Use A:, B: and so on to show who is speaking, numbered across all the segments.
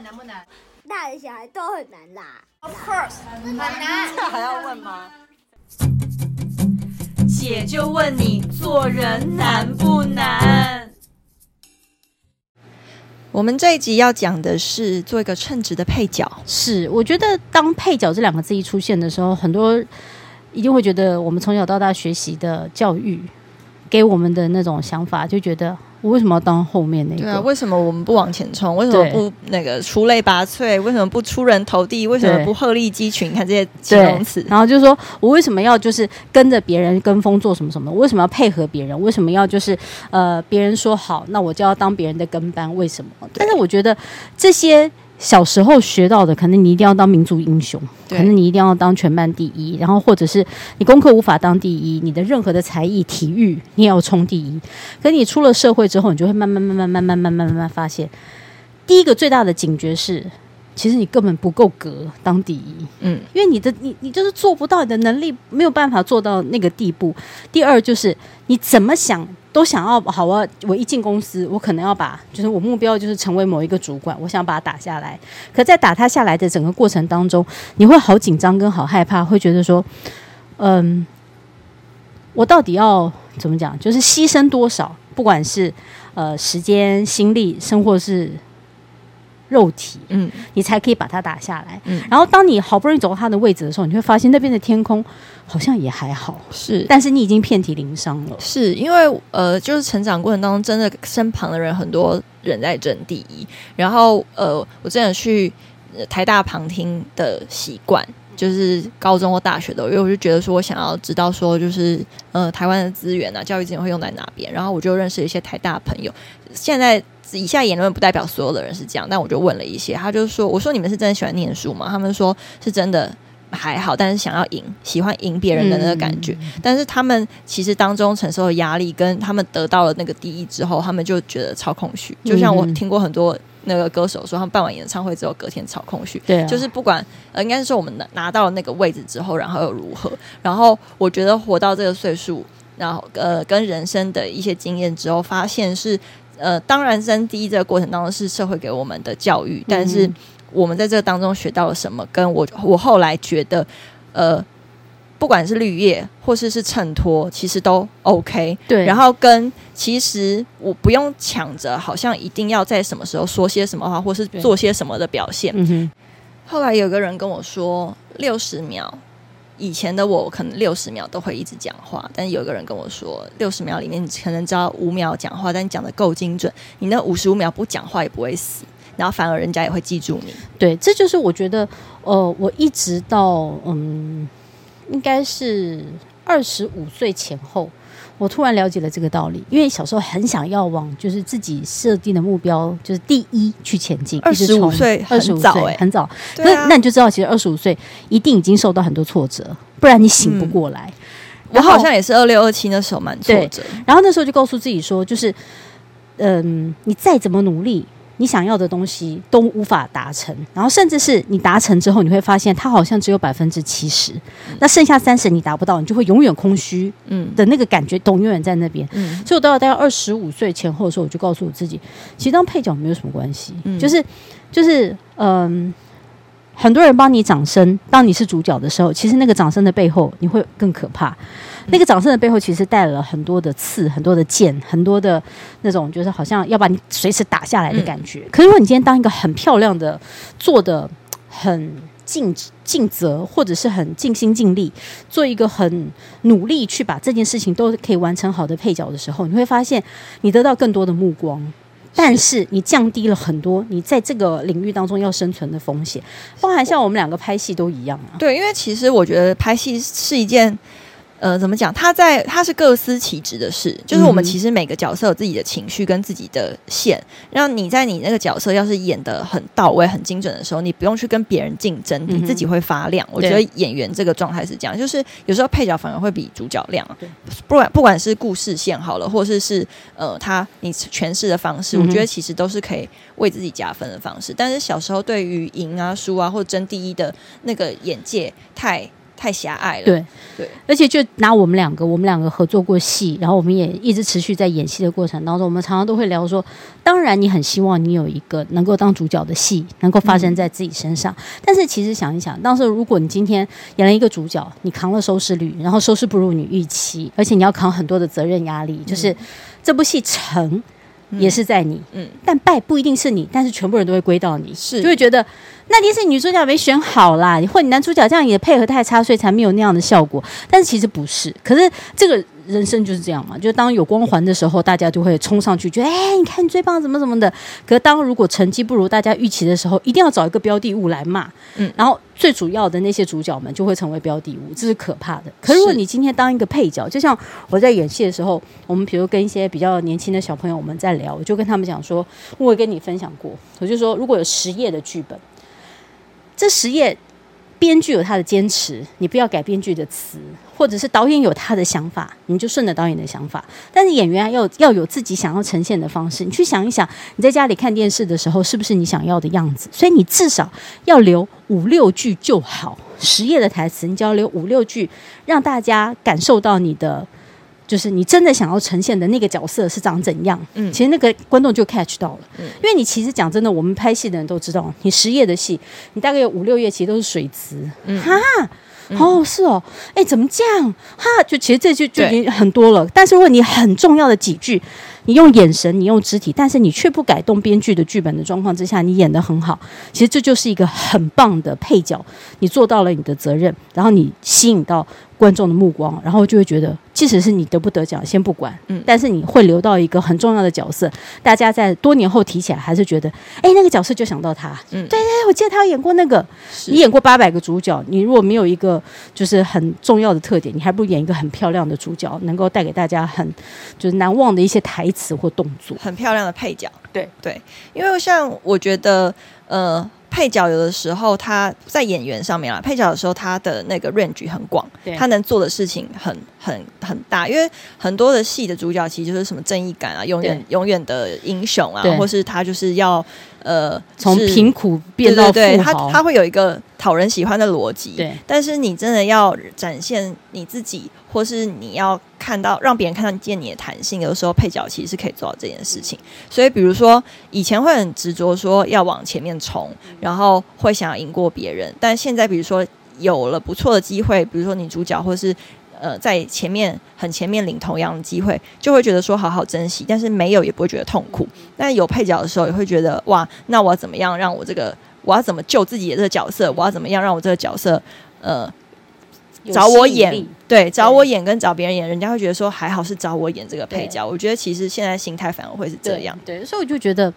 A: 難不
B: 難？大人小孩都很難啦，啊。Of course，很難。 還要問嗎？姐就問你，做人難不難？我們這一集要講的是做一個稱職的配角。是，我覺得當配角這兩個字一出現的時候，很多
A: 一定會覺得，我們從小到大學習的教育給我們的那種想法，就覺得。我為什麼要當後面那個？對啊，為
B: 什麼我們不往前衝？為什麼不那個出類拔萃？為什麼不出人頭地？為什麼不鶴立雞群？看這些形容詞，然後就
A: 說，我為什麼要就是跟着別人跟風做什麼什麼的？我為什麼要配合別人？為什麼要就是呃，別人說好，那我就要當別人的跟班？為什麼？但是我覺得這些。小時候學到的，可能你一定要當民族英雄，可能你一定要當全班第一，然後或者是你功課無法當第一，你的任何的才藝、體育，你也要衝第一。可你出了社會之後，你就會慢慢、慢慢、慢慢、慢慢、慢慢發現，第一個最大的警覺是。其實你根本不夠格當第一，嗯，因為你的你你就是做不到，你的能力沒有辦法做到那個地步。第二就是你怎麼想都想要，好啊！我一進公司，我可能要把，就是我目標就是成為某一個主管，我想把他打下來。可在打他下來的整個過程當中，你會好緊張跟好害怕，會覺得說，嗯，我到底要怎麼講？就是犧牲多少？不管是呃時間、心力、生活是。肉體，嗯，你才可以把它打下來。嗯，然後當你好不容易走到他的位置的時候，你會發現那邊的天空好像也還好，是，
B: 但是你已經遍體鱗傷了。是因為呃，就是成長過程當中，真的身旁的人很多人在爭第一，然後呃，我真的去、呃、台大旁聽的習慣，就是高中或大學的，因為我就覺得說，我想要知道說，就是呃，台灣的資源啊，教育資源會用在哪邊。然後我就認識一些台大的朋友。現在以下言論不代表所有的人是這樣，但我就問了一些，他就說，我說你們是真的喜歡念書嗎？他們說是真的還好，但是想要贏，喜歡贏別人的那個感覺。嗯。但是他們其實當中承受的壓力，跟他們得到了那個第一之後，他們就覺得超空虛。就像我聽過很多。那個歌手說，他們辦完演唱會之後，隔天超空虛。對、啊，就是不管、呃，應該是說我們拿拿到那個位置之後，然後又如何？然後我覺得活到這個歲數，然後呃，跟人生的一些經驗之後，發現是呃，當然在第一這個過程當中，是社會給我們的教育，嗯嗯，但是我們在這個當中學到了什麼？跟我我後來覺得，呃。不管是綠葉，或是是襯托，其實都 OK。對，然後跟其實我不用搶着，好像一定要在什麼時候說些什麼話，或是做些什麼的表現。嗯哼。後來有個人跟我說，六十秒，以前的我可能六十秒都會一直講話，但是有個人跟我說，六十秒裡面你可能只要五秒講話，但你講得夠精準，你那五十五秒不講話也不會死，然後反而人家也會記住你。
A: 對，這就是我覺得，呃，我一直到嗯。應該是二十五歲前後，我突然了解了這個道理。因為小時候很想要往就是自己設定的目標，就是第一去前進。二十五歲，二十五歲很早，欸，很早。那，啊，那你就知道，其實二十五歲一定已經受到很多挫折，不然你醒不過來。
B: 嗯、我好像也是二六二七那時候蠻挫折，對。然後那時候就告訴自己
A: 說，就是嗯，你再怎麼努力，你想要的東西都無法達成，然後甚至是你達成之後，你會發現它好像只有百分之七十，那剩下三十你達不到，你就會永遠空虛，嗯的那個感覺，都永遠在那邊、嗯。所以我到了大概二十五歲前後的時候，我就告訴我自己，其實當配角沒有什麼關係、嗯，就是就是嗯。呃很多人幫你掌聲，當你是主角的時候，其實那個掌聲的背後，你會更可怕。嗯、那個掌聲的背後，其實帶了很多的刺，很多的劍，很多的那種，就是好像要把你隨時打下來的感覺。嗯、可是，如果你今天當一個很漂亮的，做得很盡盡責，或者是很盡心盡力，做一個很努力去把這件事情都可以完成好的配角的時候，你會發現，你得到更多的目光。但是你降低了很多你在這個領域當
B: 中要生存的風險，包含像我們兩個拍戲都一樣啊。對，因為其實我覺得拍戲是一件。呃，怎麼講？他在他是各司其職的事，就是我們其實每個角色有自己的情緒跟自己的線。嗯、讓你在你那個角色要是演得很到位，很精準的時候，你不用去跟別人競爭，你自己會發亮。嗯、我覺得演員這個狀態是這樣，就是有時候配角反而會比主角亮啊。不管不管是故事線好了，或者是，是呃，他你詮釋的方式，嗯，我覺得其實都是可以為自己加分的方式。但是小時候對於贏啊、輸啊或者爭第一的那個眼界太。太狹隘了對，對對，
A: 而且就拿我們兩個，我們兩個合作過戲，然後我們也一直持續在演戲的過程當中，我們常常都會聊說，當然你很希望你有一個能夠當主角的戲能夠發生在自己身上。嗯，但是其實想一想，當時如果你今天演了一個主角，你扛了收視率，然後收視不如你預期，而且你要扛很多的責任壓力，就是這部戲成。嗯成也是在你，嗯，但敗不一定是你，但是全部人都會歸到你，是就會覺得那天是你是女主角沒選好啦，或你男主角這樣也配合太差，所以才沒有那樣的效果。但是其實不是，可是這個。人生就是這樣嘛，就當有光環的時候，大家就會衝上去，覺得哎、欸，你看你最棒，怎麼怎麼的。可是當如果成績不如大家預期的時候，一定要找一個標的物來罵。嗯，然後最主要的那些主角們就會成為標的物，這是可怕的。可是如果你今天當一個配角，就像我在演戲的時候，我們比如跟一些比較年輕的小朋友，我們在聊，我就跟他們講說，我也跟你分享過，我就說，如果有十頁的劇本，這十頁。編劇有他的堅持，你不要改編劇的詞，或者是導演有他的想法，你就順着導演的想法。但是演員要要有自己想要呈現的方式。你去想一想，你在家裡看電視的時候是不是你想要的樣子？所以你至少要留五六句就好，十頁的台詞你只要留五六句，讓大家感受到你的。就是你真的想要呈現的那個角色是長怎樣，嗯、其實那個觀眾就 catch 到了、嗯。因為你其實講真的，我們拍戲的人都知道，你十頁的戲，你大概有五六頁其實都是水詞、嗯。哈、嗯，哦，是哦，哎、欸，怎麼這樣？哈，就其實這就就已經很多了。但是如果你很重要的幾句，你用眼神，你用肢體，但是你卻不改動編劇的劇本的狀況之下，你演得很好，其實這就是一個很棒的配角，你做到了你的責任，然後你吸引到觀眾的目光，然後就會覺得。即使是你得不得獎，先不管，嗯，但是你會留到一個很重要的角色，大家在多年後提起來還是覺得，哎，那個角色就想到他。嗯，對對，我記得他演過那個。你演過八百個主角，你如果沒有一個就是很重要的特點，你還不如演一個很漂亮的主角，能夠帶給大家很就是難忘的一些台
B: 詞或動作。很漂亮的配角，對對，對，因為像我覺得，呃。配角有的時候他在演員上面啊，配角的時候他的那個 range 很廣，他能做的事情很很很大，因為很多的戲的主角其實就是什麼正義感啊，永遠永遠的英雄啊，或是他就是要。呃，從貧苦
A: 變到對他，他會
B: 有一個討人喜歡的邏輯。但是你真的要展現你自己，或是你要看到讓別人看到你，見你的彈性。有時候配角其實是可以做到這件事情。嗯、所以，比如說以前會很執着說要往前面衝，然後會想要贏過別人。但現在，比如說有了不錯的機會，比如說女主角或是。呃，在前面很前面領頭羊的機會，就會覺得說好好珍惜，但是沒有也不會覺得痛苦。那、嗯、有配角的時候，也會覺得哇，那我要怎麼樣讓我這個，我要怎麼救自己的這個角色？我要怎麼樣讓我這個角色，呃，找我演，對，找我演跟找別人演，人家會覺得說還好是找我演這個配角。我覺得其實現在心態反而會是這樣，對，對，所以
A: 我就覺得。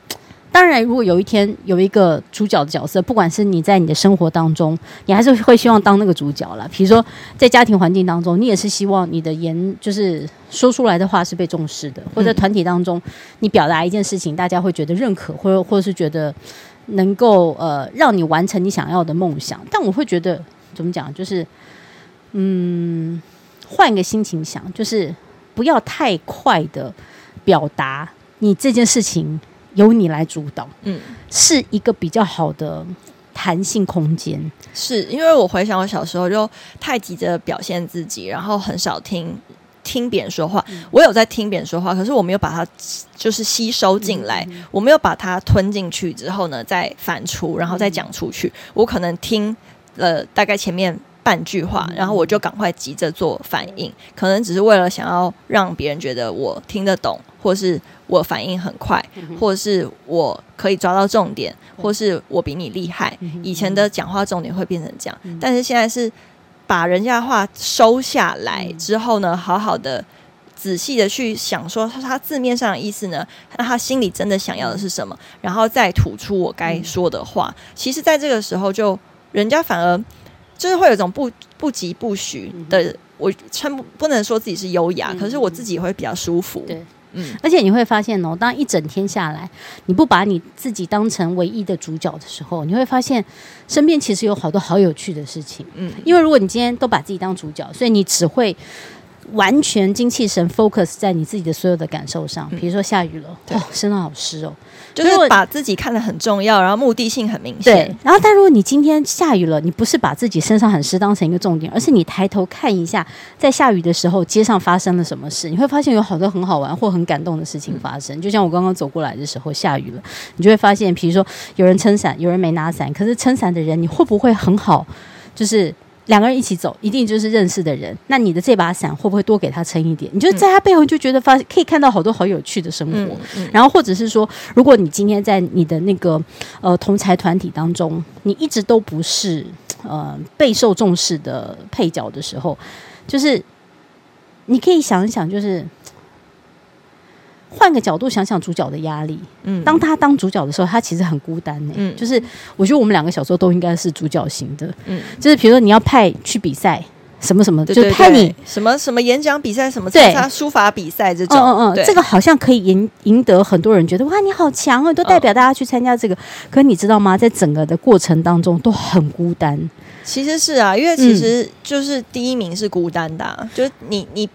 A: 當然，如果有一天有一個主角的角色，不管是你在你的生活當中，你還是會希望當那個主角啦。比如說，在家庭環境當中，你也是希望你的言就是說出來的話是被重視的，或者團體當中，嗯、你表達一件事情，大家會覺得認可，或者或者是覺得能夠呃讓你完成你想要的夢想。但我會覺得怎麼講，就是嗯，換一個心情想，就是不要太快的表達你這件事情。由你來主導，嗯，是一個比較好的彈性空間。
B: 是因為我回想我小時候就太急着表現自己，然後很少聽聽別人說話。嗯。我有在聽別人說話，可是我沒有把它就是吸收進來，嗯嗯嗯，我沒有把它吞進去之後呢，再反芻，然後再講出去，嗯嗯。我可能聽了大概前面，半句話，然後我就趕快急着做反應、嗯，可能只是為了想要讓別人覺得我聽得懂，或是我反應很快，或者是我可以抓到重點，嗯、或是我比你厲害、嗯。以前的講話重點會變成這樣，嗯、但是現在是把人家的話收下來之後呢，好好的仔細的去想說他字面上的意思呢，那他心裡真的想要的是什麼，然後再吐出我該說的話。嗯、其實，在這個時候就，就人家反而。就是會有種不不疾不徐的，嗯、我稱不能說自己是優雅、嗯，可是我自己會比較舒服。對，嗯，而且你
A: 會發現哦、喔，當一整天下來，你不把你自己當成唯一的主角的時候，你會發現身邊其實有好多好有趣的事情。嗯，因為如果你今天都把自己當主角，所以你只會。完全精氣神 focus 在你自己的所有的感受上，比如
B: 說下雨了，嗯、哦，身上好濕哦，就是把自己看得很重要，然後目的性很明顯。
A: 對，然後，但如果你今天下雨了，你不是把自己身上很濕當成一個重點，而是你抬頭看一下，在下雨的時候街上發生了什麼事，你會發現有好多很好玩或很感動的事情發生。嗯、就像我剛剛走過來的時候，下雨了，你就會發現，比如說有人撐傘，有人沒拿傘，可是撐傘的人，你會不會很好？就是。兩個人一起走，一定就是認識的人。那你的這把傘會不會多給他撐一點？你就在他背後，就覺得發現可以看到好多好有趣的生活。嗯嗯、然後，或者是說，如果你今天在你的那個呃同儕團體當中，你一直都不是呃備受重視的配角的時候，就是你可以想一想，就是。換個角度想想主角的壓力。嗯，當他當主角的時候，他其實很孤單呢、欸。嗯，就是我覺得我們兩個小時候都應該是主角型的。嗯，就是比如說你要派去比賽什麼什麼，嗯、就派你對對
B: 對什麼什麼演講比賽什麼，他書法比賽這種。嗯嗯、嗯，這個
A: 好像可以贏贏得很多人覺得哇，你好強啊，都代表大家去參加這個。嗯、可是你知道嗎？在整個的過程當中都很孤單。
B: 其實是啊，因為其實就是第一名是孤單的、啊嗯，就是你你。你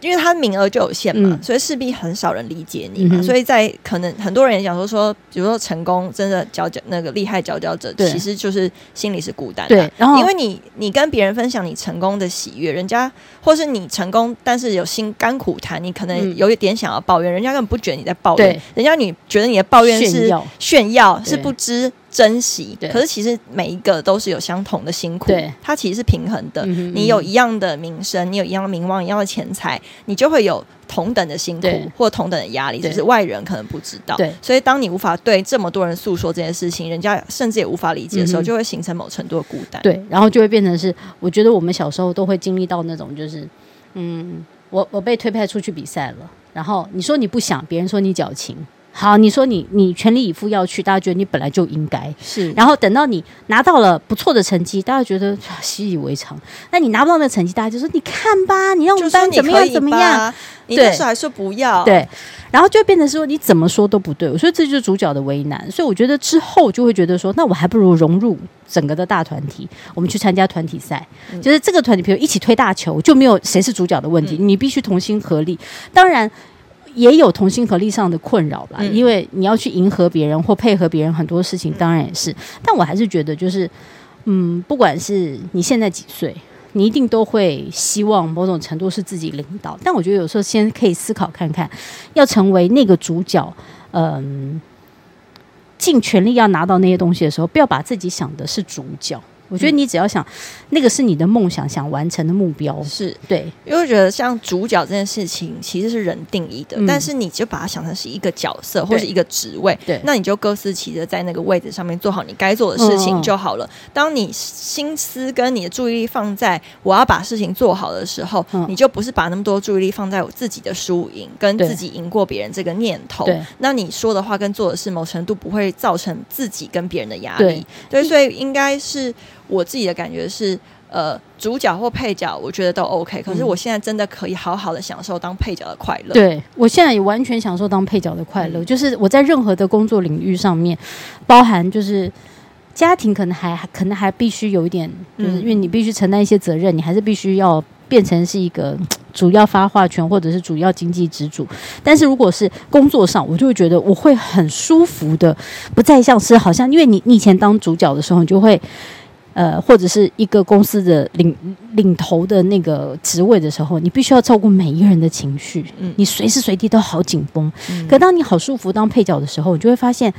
B: 因為他名額就有限嘛，嗯、所以勢必很少人理解你嘛。嗯、所以在可能很多人也想說說，比如說成功真的佼佼那個厲害佼佼者，其實就是心裡是孤單的。因為你你跟別人分享你成功的喜悅，人家或是你成功，但是有心甘苦談，你可能有一點想要抱怨，嗯、人家根本不覺得你在抱怨，人家你覺得你的抱怨是炫耀，是不知。珍惜，可是其實每一個都是有相同的辛苦，它其實是平衡的。嗯，你有一樣的名聲，嗯，你有一樣的名望，一樣的錢財，你就會有同等的辛苦或同等的壓力。就是外人可能不知道，所以當你無法對這麼多人訴說這件事情，人家甚至也無法理解的時候，嗯，就會形成某程度的孤單。對，
A: 然後就會變成是，我覺得我們小時候都會經歷到那種，就是，嗯，我我被推派出去比賽了，然後你說你不想，別人說你矯情。好，你說你你全力以赴要去，大家覺得你本來就應該是，然後等到你拿到了不錯的成績，大家覺得、啊、習以為常。那你拿不到那個成績，大家就說你看吧，你讓我們班怎麼樣怎麼樣？你那時候還
B: 說不要，對，對，
A: 然後就變成說你怎麼說都不對。我說這就是主角的為難，所以我覺得之後就會覺得說，那我還不如融入整個的大團體，我們去參加團體賽，嗯、就是這個團體比如一起推大球，就沒有誰是主角的問題，嗯、你必須同心合力。當然。也有同心合力上的困擾吧，因為你要去迎合別人或配合別人，很多事情當然也是。但我還是覺得，就是嗯，不管是你現在幾歲，你一定都會希望某種程度是自己領導。但我覺得有時候先可以思考看看，要成為那個主角，嗯，盡全力要拿到那些東西的時候，不要把自己想的是主角。我覺得你只要想，嗯、那個是你的夢想，想完成的目標是對，因
B: 為我覺得像主角這件事情其實是人定義的，嗯、但是你就把它想成是一個角色或是一個職位，對，那你就各司其職，在那個位置上面做好你該做的事情就好了。嗯哦、當你心思跟你的注意力放在我要把事情做好的時候，嗯、你就不是把那麼多注意力放在我自己的輸贏跟自己贏過別人這個念頭，對，那你說的話跟做的事，某程度不會造成自己跟別人的壓力。對，對，所以應該是。我自己的感覺是，呃，主角或配角，我覺得都 OK。可是我現在真的可以好好的享受當配角的快樂，嗯。對，
A: 我現在也完全享受當配角的快樂，嗯，就是我在任何的工作領域上面，包含就是家庭可，可能還可能還必須有一點，就是因為你必須承擔一些責任，嗯、你還是必須要變成是一個主要發話權或者是主要經濟支柱。但是如果是工作上，我就會覺得我會很舒服的，不再像是好像因為你你以前當主角的時候，你就會。呃，或者是一個公司的領領頭的那個職位的時候，你必須要照顧每一個人的情緒，你隨時隨地都好緊繃。嗯，可當你好舒服當配角的時候，你就會發現，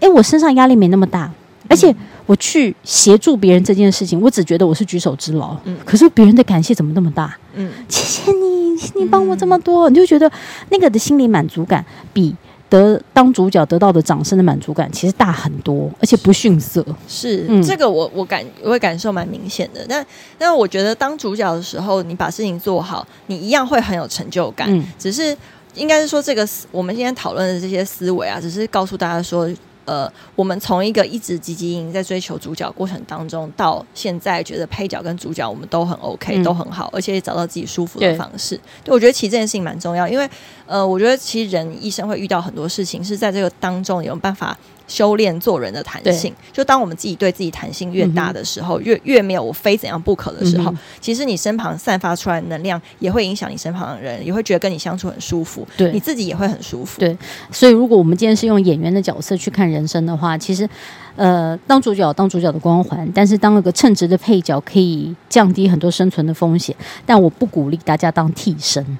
A: 哎，我身上壓力沒那麼大，而且我去協助別人這件事情，我只覺得我是舉手之勞，嗯，可是別人的感謝怎麼那麼大？嗯，謝謝你，你幫我這麼多，嗯，你就覺得那個的心理滿足感比。得當主角得到的掌聲的滿足感其實大很多，而且不遜色。是，是，嗯，這個
B: 我，我我感我會感受蠻明顯的。但但我覺得當主角的時候，你把事情做好，你一樣會很有成就感。嗯，只是應該是說，這個我們今天討論的這些思維啊，只是告訴大家說。呃，我們從一個一直積極在追求主角過程當中到現在覺得配角跟主角我們都很 OK，嗯，都很好，而且也找到自己舒服的方式。對，對，我覺得其實這件事情蠻重要，因為呃，我覺得其實人一生會遇到很多事情，是在這個當中有沒有辦法。修煉做人的彈性，就當我們自己對自己彈性越大的時候，嗯、越越沒有我非怎樣不可的時候，嗯、其實你身旁散發出來的能量，也會影響你身旁的人，也會覺得跟你相處很舒服，對，你自己也會很
A: 舒服。對，所以如果我們今天是用演員的角色去看人生的話，其實，呃，當主角，當主角的光環，但是當了個稱職的配角，可以降低很多生存的風險。但我不鼓勵大家當替身。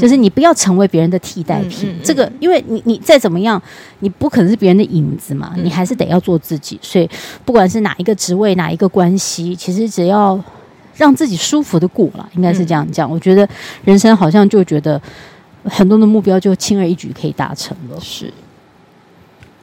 A: 就是你不要成為別人的替代品，嗯，這個，因為你你再怎麼樣，你不可能是別人的影子嘛，你還是得要做自己。所以，不管是哪一個職位，哪一個關係，其實只要讓自己舒服的過了，應該是這樣講。我覺得人生好像就覺得很多的目標就輕而易舉可以達成了。是。